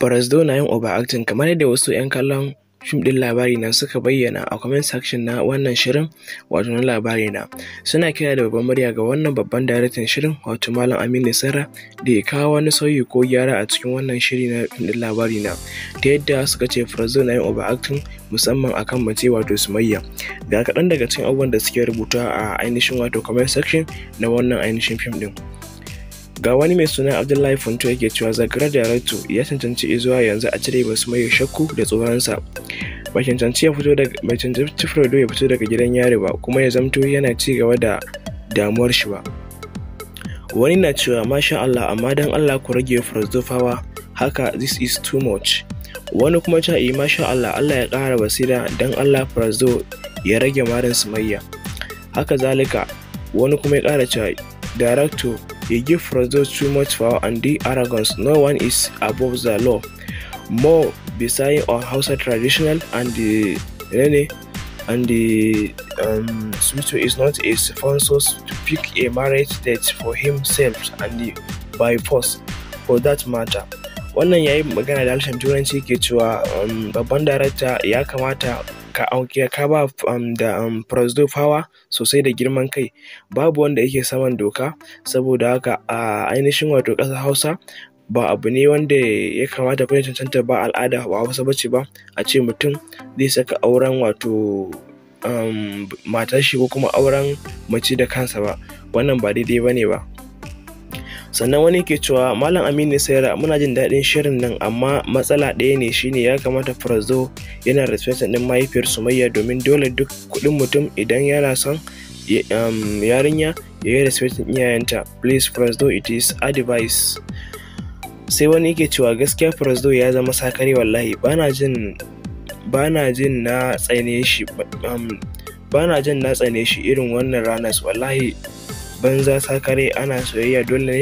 Barasdo na yin overacting kamar yadda wasu 'yan kallon fim ɗin labari na suka bayyana a comment section na wannan shirin wato na labari na suna kira da babban murya ga wannan babban daraktan shirin wato malam aminu sarra da ya kawo wani sauyi ko gyara a cikin wannan shiri na fim ɗin labari na ta yadda suka ce frazo na yin overacting musamman akan mace wato sumayya ga kaɗan daga cikin abubuwan da suke rubuta a ainihin wato comment section na wannan ainihin fim ɗin ga wani mai suna abdullahi funto yake cewa zakarar jaratu ya cancanci zuwa yanzu a cire basu mai shakku da tsoronsa bai cancanci ya fito daga bai ya fito daga gidan yari ba kuma ya zamto yana ci gaba da damuwar shi ba wani na cewa masha Allah amma dan Allah ku rage Frodofawa haka this is too much wani kuma ta yi eh, masha Allah Allah ya kara basira dan Allah Frodo ya rage marin sumayya haka zalika wani kuma ya kara cewa director He give those too much power and the arrogance. No one is above the law. More beside our Hausa traditional and the Rene and the um, Sumitu is not a sponsor to pick a marriage date for himself and the, by force for that matter. Wannan ya yi magana da harshen Turanci ke cewa um, babban darakta ya kamata ka auke ka ba um, da um, prosdo power sosai da girman kai babu wanda yake saman doka saboda haka a ainihin wato ƙasar hausa ba abu ne wanda ya kamata kuma cancanta ba al'ada ba wasu bace ba a ce mutum zai saka auren wato um, matar ko kuma auren mace da kansa ba wannan ba daidai ba ne ba sannan wani ke cewa malam aminu saira muna jin daɗin shirin nan amma matsala ɗaya ne shine ya kamata farzo yana respect ɗin mahaifiyar sumayya domin dole duk kuɗin mutum idan yana son um, yarinya ya yi ɗin iyayenta please farzo it is advice sai wani ke cewa gaskiya farzo ya zama sakari wallahi bana jin bana jin na tsane shi um, bana jin na tsane shi irin wannan ranar wallahi banza sakare ana soyayya dole ne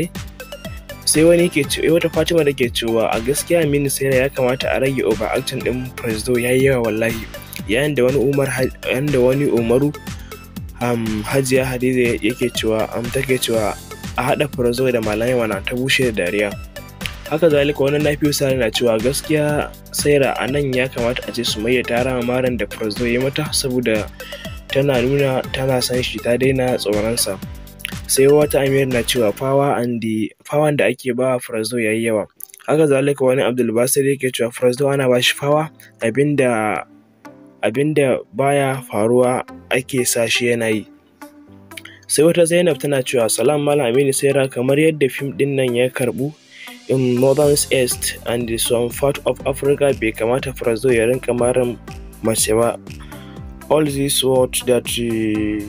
sai wani ke ce eh, wata fatima da ke cewa a gaskiya mini sai ya kamata a rage overacting din presdo ya yi yawa wallahi yayin da wani umar wani umaru um, hajiya hadiza yake cewa am um, take cewa a haɗa presdo da malamai wana ta bushe da dariya haka zalika wani na fiye sare na cewa gaskiya saira a nan ya kamata a ce sumayya ta rama maran da presdo ya mata saboda tana nuna tana san shi ta daina tsoronsa sai wata amir na cewa fawa fawan da ake ba ya yayi yawa haka zalika wani Abdul Basir yake cewa Frazdo ana ba shi fawa abinda abinda baya faruwa ake sa shi yana yi sai wata Zainab tana cewa salam malam Aminu Sera kamar yadda fim din nan ya karbu in northern east and the some part of Africa bai kamata frazo ya rinka marin mace ba all this world that he,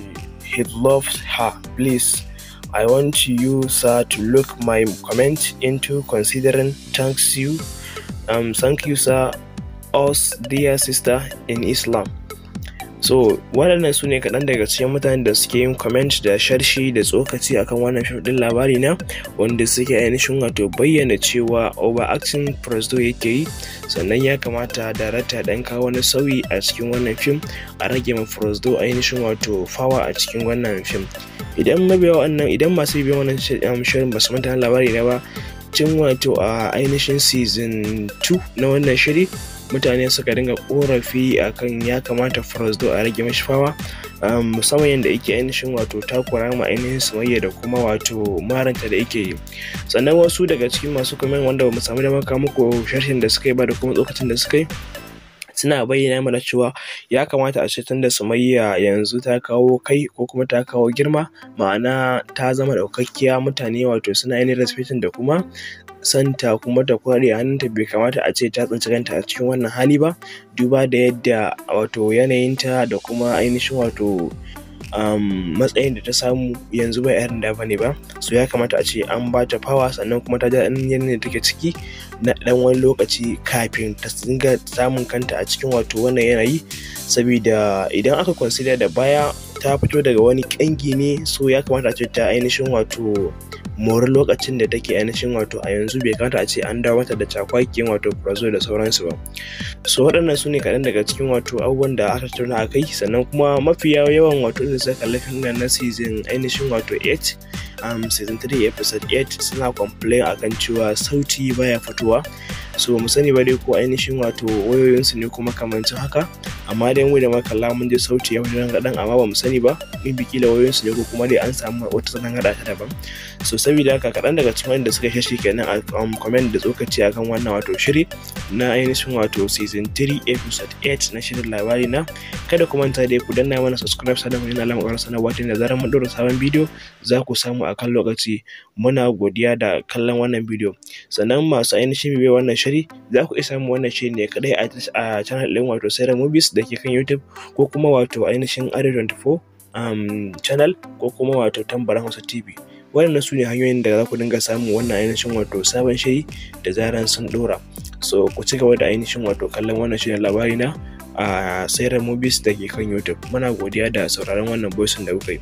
he loves her please I want you, sir, to look my comment into considering. Thanks you. Um, thank you, sir. Us, dear sister in Islam. so waɗannan su ne kaɗan daga cikin mutanen da suke yin comment da sharshi da tsokaci akan wannan fim ɗin labari na wanda suke ainihin wato bayyana cewa overacting presdo yake yi sannan ya kamata rata ɗan kawo wani sauyi a cikin wannan fim a rage ma presdo ainihin wato fawa a cikin wannan fim idan mabiya wannan idan masu bibiyan wannan um, shirin ba su manta labari na ba cin wato a ainihin season 2 na wannan shiri mutane suka dinga korafi akan ya kamata Firozdo a rage mashifawa. fawa musamman yadda yake ainihin wato takura ma ainihin sumayya da kuma wato maranta da yake yi sannan wasu daga cikin masu kuma wanda ba mu samu damar kawo muku sharhin da suka yi ba da kuma tsokacin da suka yi suna bayyana mana cewa ya kamata a ce da Sumayya yanzu ta kawo kai ko kuma ta kawo girma ma'ana ta zama ɗaukakkiya mutane wato suna yin respectin da kuma santa kuma ta kware hannunta bai kamata a ce ta tsinci kanta a cikin wannan hali ba duba da yadda wato yanayinta da kuma ainihin wato um, matsayin da ta samu yanzu ba yarin da bane ba so ya kamata a ce an ba ta fawa sannan kuma ta ja yanayin da take ciki na dan wani lokaci kafin ta dinga samun kanta a cikin wato wannan yanayi saboda idan aka consider da baya ta fito daga wani kangi ne so ya kamata a ce ta ainihin wato mori lokacin da take ainihin wato a yanzu bai kamata a ce an dawo mata da cakwakin wato prazo da sauransu ba so waɗannan su ne kaɗan daga cikin wato abubuwan da aka tattauna a kai sannan kuma mafi yawan wato da suka lafin na season ainihin wato 8 um, season 3 episode 8 suna complain akan cewa sauti baya fitowa so mu sani ba dai ko ainihin wato wayoyinsu ne kuma kamancin haka amma dai mu da makalla mun je sauti ya wajen gadan amma ba mu sani ba in biki da wayoyinsu ne ko kuma dai an samu wata sanan gada ta daban so saboda haka kaɗan daga cikin wanda suka shashi kenan a um, comment da tsokaci akan wannan wato shiri na ainihin wato season 3 episode 8 na shirin labari na kada ku manta dai ku danna mana subscribe ku wani alamar ƙwarar sanarwa ta da zarar mun ɗora sabon bidiyo za ku samu a kan lokaci muna godiya da kallon wannan bidiyo sannan masu ainihin bibiyar wannan shiri za ku iya samu wannan shiri ne kadai a channel din wato Sarah Movies da ke kan YouTube ko kuma wato ainihin Arewa 24 um, channel ko kuma wato tambarin Hausa TV. Waɗannan su ne hanyoyin da za ku dinga samun wannan ainihin wato sabon shiri da zaran sun ɗora. So ku ci gaba da ainihin wato kallon wannan na labari na a Sarah Movies da ke kan YouTube. Muna godiya da sauraron wannan boysun da kuka yi.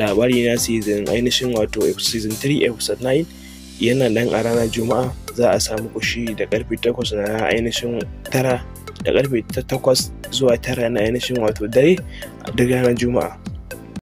Labari na season ainihin wato season 3 episode 9 yana nan a ranar Juma'a za a samu kushi da karfe 8 na ainihin tara da karfe 8 zuwa 9 na ainihin wato dare duk ranar juma'a